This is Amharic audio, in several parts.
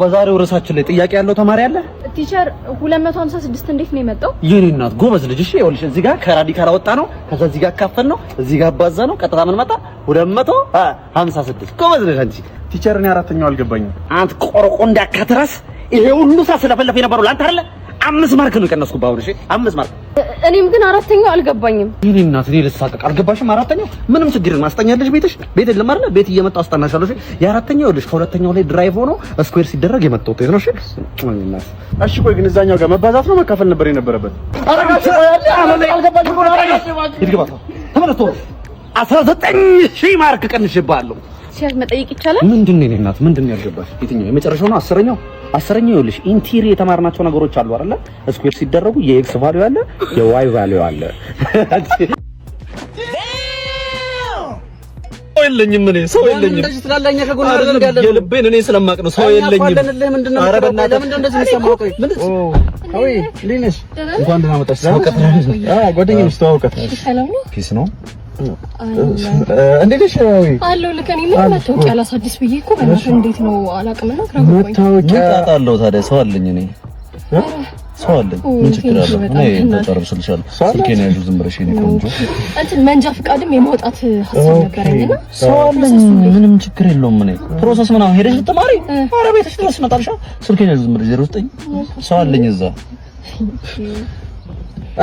በዛሬው ርዕሳችን ላይ ጥያቄ ያለው ተማሪ አለ። ቲቸር 256 እንዴት ነው የመጣው? የኔ እናት ጎበዝ ልጅ። እሺ ይኸውልሽ፣ እዚህ ጋር ከራዲካል አወጣ ነው፣ ከዛ እዚህ ጋር ካፈል ነው፣ እዚህ ጋር አባዛ ነው። ቀጥታ ምን መጣ? 256 ጎበዝ ልጅ አንቺ። ቲቸር እኔ አራተኛው አልገባኝም። አንተ ቆርቆ እንዳካትራስ ይሄ ሁሉ ሳስለፈለፈ ስለፈለፈ የነበረው ለአንተ አይደለ? አምስት ማርክ ነው የቀነስኩብህ። አሁን እሺ አምስት ማርክ እኔም ግን አራተኛው አልገባኝም። ይሄ እናት እኔ ልሳቀቅ አልገባሽም? አራተኛው ምንም ችግር ማስጠኛለች ቤትሽ ቤት የለም አይደል? ቤት እየመጣሁ አስጠናሻለሁ። የአራተኛው ልጅ ከሁለተኛው ላይ ድራይቭ ሆኖ ስኩዌር ሲደረግ የመጣው ውጤት ነው። እሺ ቆይ ግን እዛኛው ጋር መባዛት ነው መካፈል ነበር የነበረበት። አስራ ዘጠኝ ሺህ ማርክ ቀንሽባለሁ ሲያዝ መጠየቅ ይቻላል። ምንድን ነው እናት፣ ምንድን ነው ያልገባሽ? የትኛው የመጨረሻው ነው? አስረኛው አስረኛው ይኸውልሽ፣ ኢንቲሪ የተማርናቸው ነገሮች አሉ አይደለ? ስኩዌር ሲደረጉ የኤክስ ቫልዩ አለ፣ የዋይ ቫልዩ አለ። ሰው የለኝም እኔ ሰው የለኝም። ከጎን አይደለም የልቤን እኔ ስለማቅ ነው። ሰው የለኝም። ኧረ በእናትህ እንደዚህ ነው? እንኳን ደህና መጣሽ። ጓደኛዬ ነው። ኪስ ነው እንዴት ነሽ? አለሁ ልክ እኔ ምን መታወቂያ አላሳድስ ብዬሽ እኮ በእናትህ እንዴት ነው አላውቅም። እና ግራ መታወቂያ አጣለሁ። ታዲያ ሰው አለኝ እኔ ሰው አለኝ። ምን ችግር አለው? እኔ ተጠርብስልሻለሁ። ስልኬን ያዡ ዝም ብለሽ የእኔ ቆንጆ እንትን መንጃ ፍቃድም የማውጣት ሀሳብ ነበረኝ ሰው አለኝ። ምንም ችግር የለውም። እኔ ፕሮሰስ ምናምን ሄደሽ ልትማሪ ኧረ ቤትሽ ድረስ እመጣልሻለሁ። ስልኬን ያዡ ዝም ብለሽ ዜሮ ዘጠኝ ሰው አለኝ እዛ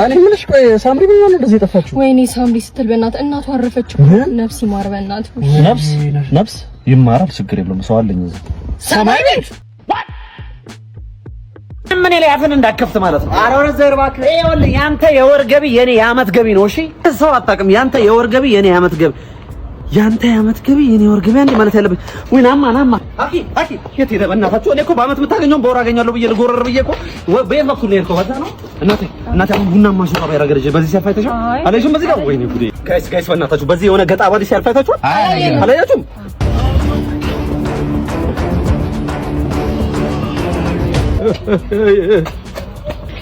አለ ምንሽ? ቆይ ሳምሪ ምን ነው እንደዚህ የጠፋችሁ? ወይኔ ሳምሪ ስትል በእናት እናቱ አረፈች። ነፍስ ይማር በእናት ነፍስ ነፍስ ይማራል። ችግር የለውም ሰው አለኝ እዚህ ሰማይ ቤት ምን ላይ አፈን እንዳከፍት ማለት ነው። አረ ወረዘ ዘር እባክህ ይኸውልህ፣ ያንተ የወር ገቢ የኔ የአመት ገቢ ነው። እሺ ሰው አታውቅም። ያንተ የወር ገቢ የኔ የአመት ገቢ ያንተ የዓመት ገቢ የኔ ወር ገቢ አንዴ ማለት ያለብኝ ወይ ናማ ናማ አኪ አኪ የት ሄደህ በእናታችሁ? እኔ እኮ በዓመት የምታገኘው በወር አገኛለሁ ብዬ ልጎረር ብዬ እኮ በየት በኩል ነው የሄድከው? በዛ ነው እናቴ እናቴ። አሁን ቡናማ ሹራብ ያረገለች በዚህ ሲያልፍ አይተሻል? አለሽም በዚህ ጋር ወይኔ ጉዴ! ጋይስ ጋይስ፣ በእናታችሁ በዚህ የሆነ ገጣ ባዲ ሲያልፍ አይታችኋል? አላያችሁም?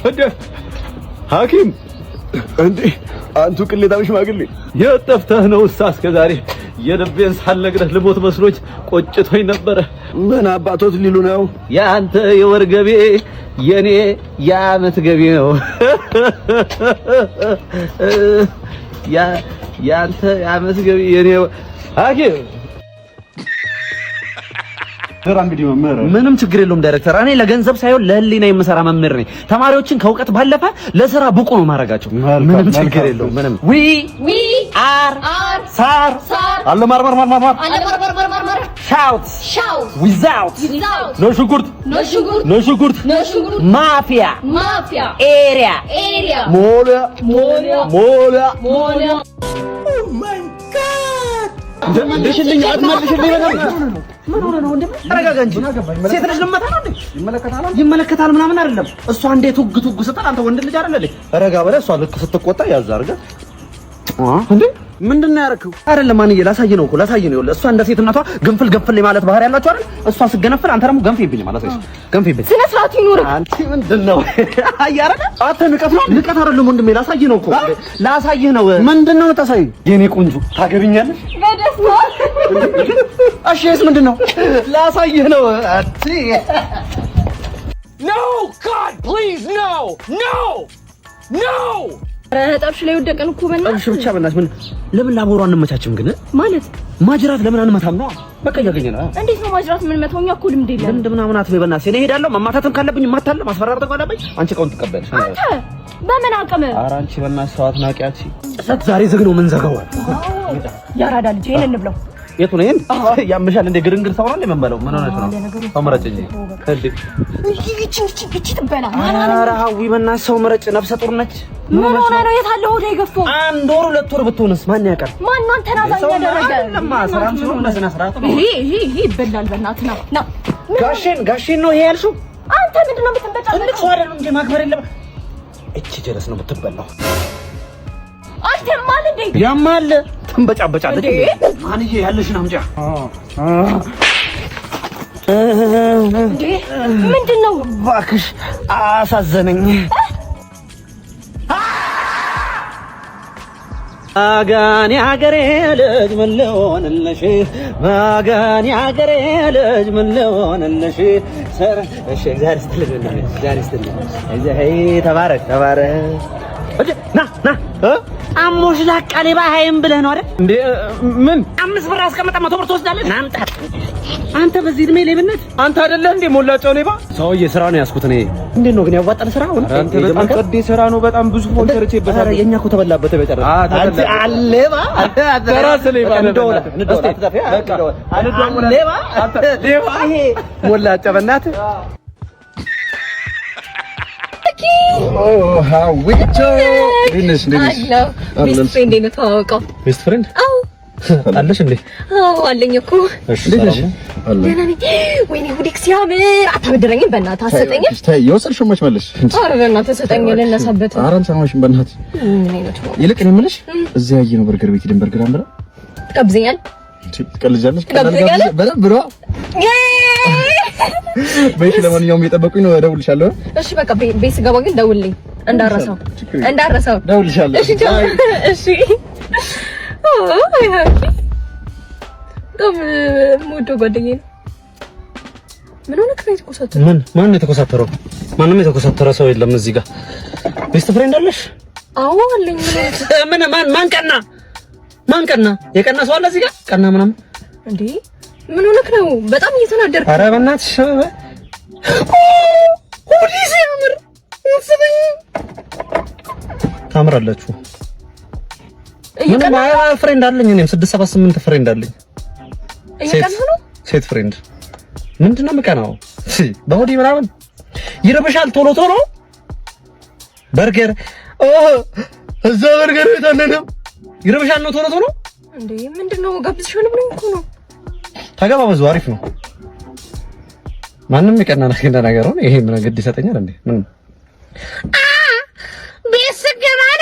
እንደ ሐኪም እንዴ አንቱ ቅሌታም ሽማግሌ የት ጠፍተህ ነው እስከ ዛሬ የልቤን ሳለግረህ ልሞት መስሎች ቆጭቶኝ ነበረ። ምን አባቶት ሊሉ ነው? የአንተ የወር ገቤ የኔ የአመት ገቤ ነው። ያ የአንተ የአመት ገቢ የኔ ሐኪም ምንም ችግር የለውም ዳይሬክተር። እኔ ለገንዘብ ሳይሆን ለህሊና የምሰራ መምህር ነኝ። ተማሪዎችን ከእውቀት ባለፈ ለስራ ብቁ ነው ማድረጋቸው። ምንም ችግር የለውም ምንም አር ሳር አለ ማርማር ማርማር ማር አለ ማርማር ማርማር ማር ሻውት ሻውት ዊዛውት ኖ ሽንኩርት ኖ ሽንኩርት ኖ ሽንኩርት ኖ ሽንኩርት ማፊያ ማፊያ ኤሪያ ኤሪያ ሞለ ሞለ ሞለ ሞለ ኦ ማይ ጋድ እንደሽልኝ አትመልሽልኝ በጣም ምን ሆነ ነው? ተረጋጋ እንጂ ሴት ልጅ ልመታ ነው እንዴ? ይመለከታል ምናምን አይደለም። እሷ እንዴት ውግ ትውግ ስትል አንተ ወንድ ልጅ አይደለ? ረጋ በለ። እሷ ልክ ስትቆጣ ያዝ አድርገህ እንዴ ምንድን ነው ያደረከው? አይደለም ማንዬ፣ ላሳይ ነው እኮ ላሳይ ነው። እሷ እንደ ሴት እናቷ ገንፍል ገንፍል ማለት ባህሪ ያላችሁ አይደል? እሷ ስገነፍል አንተ ደግሞ ይብኝ ማለት ነው። ይብኝ፣ ስነ ስርዓት ይኑር። አንቺ ምንድን ነው አያረከ? አንተ ንቀት ነው ንቀት አይደለም ወንድሜ፣ ላሳይ ነው እኮ ላሳይ ነው። ምንድን ነው የምታሳይ? የኔ ቆንጆ ታገብኛለሽ? ነው። እሺ። እስ ምንድን ነው ላሳይ ነው አንቺ ኖ ጋድ ፕሊዝ ኖ ኖ ኖ ጠብሽ ላይ ወደቀን እኮ በእናትሽ። ጠብሽ ብቻ በእናትሽ ምን ለምን ላቦሩ አንመቻችም? ግን ማለት ማጅራት ለምን አንመታም ነው? በቃ እያገኘን እንዴት ነው ማጅራት ምን መተውኛ እኮ ልምድ የለም። ልምድ ምናምን አትበይ በእናትሽ። እኔ እሄዳለሁ። መማታትም ካለብኝ እማታለሁ። ማስፈራራት ካለብኝ አንቺ ቀውን ትቀበልሽ። አንተ በምን አቅም? ኧረ አንቺ በእናትሽ ሰው አትናቂያት። ዛሬ ዝግ ነው። ምን ዘገዋል? ያራዳ ልጅ ይሄን እንብለው የቱ ነው? ያምሻል እንደ ግርንግር ሰው ነው የምንበለው። ምን ሆነሽ ነው? ሰው ምረጭ እንጂ ሰው ምረጭ። ነፍሰ ጡር ነች። ምን ሆነ ነው? የት አለ ሆዴ ገፎ። አንድ ወር ሁለት ወር ብትሆንስ ማን ያውቃል? ማን ማን ተናዛኝ ያደረገ ለማ ሰራም ይሄ ይሄ ይሄ ይበላል። በእናትህ ነው ጋሽን ጋሽን ነው ይሄ ያልሽው አንተ። ምንድን ነው የምትበጫው? ትልቅ ሰው አይደለም እንዴ? ማክበር የለም። እቺ ጀረስ ነው የምትበላው። አንተ ማል እንዴ ያማል ትንበጫበጫለች። ማንዬ ያለሽን አምጪ። ምንድን ነው እባክሽ? አሳዘነኝ። ባጋን ያገሬ ልጅ ምን ልሆንልሽ? ባጋን ያገሬ ልጅ ምን ልሆንልሽ? ሰር እሺ፣ እግዚአብሔር ይስጥልኝ፣ እግዚአብሔር ይስጥልኝ። ተባረክ፣ ተባረክ ና ና አሞሽ ላቃ ሌባ ሀይም ብለህ ነው አይደል እንዴ? ምን አምስት ብር አስቀምጣ መቶ ብር ትወስዳለህ። ና አምጣት። አንተ በዚህ እድሜ ሌብነት አንተ አይደለህ እንዴ ሞላጫው ሌባ? ሰውዬ ስራ ነው ያዝኩት እኔ። እንዴት ነው ግን ያዋጣል? ስራ ሆነ አንተ በጣም ቀዴ ስራ ነው። በጣም ብዙ ፎን ሰርቼ የኛ እኮ ተበላበት በጨረሰ አንተ አሌባ አንተ ተራስ ሌባ እንደው እንደው ሌባ ሞላጫ በእናትህ ቤስት ፍሬንድ አለሽ እንዴ? አለኝ እኮ። ወይኔ ጉዲክ ሲያምር አታበድረኝም? በእናትህ አሰጠኝ። የወሰድሽው መች መለሽ? ኧረ በእናትህ ሰጠኝ ልነሳበት። ኧረ አልሰማሽም በእናትህ። ይልቅ እኔ የምልሽ እዚህ ያየነው በርገር ቤት ሂደን በርገር አንብላ ትቀብዘኛለህ? ትቀልጃለሽ? በደንብ ነዋ በይ ለማንኛውም እየጠበቁኝ ነው። እደውልልሻለሁ። እሺ በቃ ቤት ስገባ ግን ደውልልኝ፣ እንዳረሳው እንዳረሳው እደውልልሻለሁ። እሺ እሺ። በጣም የምወደው ጓደኛዬ ምን ሆነ? ከዚህ ተኮሳተረ። ምን ማን የተኮሳተረው? ማንም የተኮሳተረ ሰው የለም እዚህ ጋር። ቤስት ፍሬንድ አለሽ? አዎ አለኝ። ምን ማን ማን ቀና? ማን ቀና? የቀና ሰው አለ እዚህ ጋር ቀና ምናምን እንዴ ምን ሆነክ ነው? በጣም እየተናደርክ። ኧረ በእናትሽ ሲያምር ታምራላችሁ። ምንም ፍሬንድ አለኝ እኔም ስድስት ሰባት ስምንት ፍሬንድ አለኝ። ሴት ፍሬንድ ምንድን ነው የምቀናው? በሆዴ ምናምን ይርብሻል። ቶሎ ቶሎ በርገር እዛ በርገር ቤት አለንም። ይርብሻል ነው ቶሎ ቶሎ። እንዴ ምንድነው? ነው? ጋብዝሽ ሆነ ምን ነው ተገባበዙ። አሪፍ ነው። ማንም የቀና ነገር ነው። ይሄ ምን ግድ ይሰጠኛል እንዴ? ምን ቤት ስገባ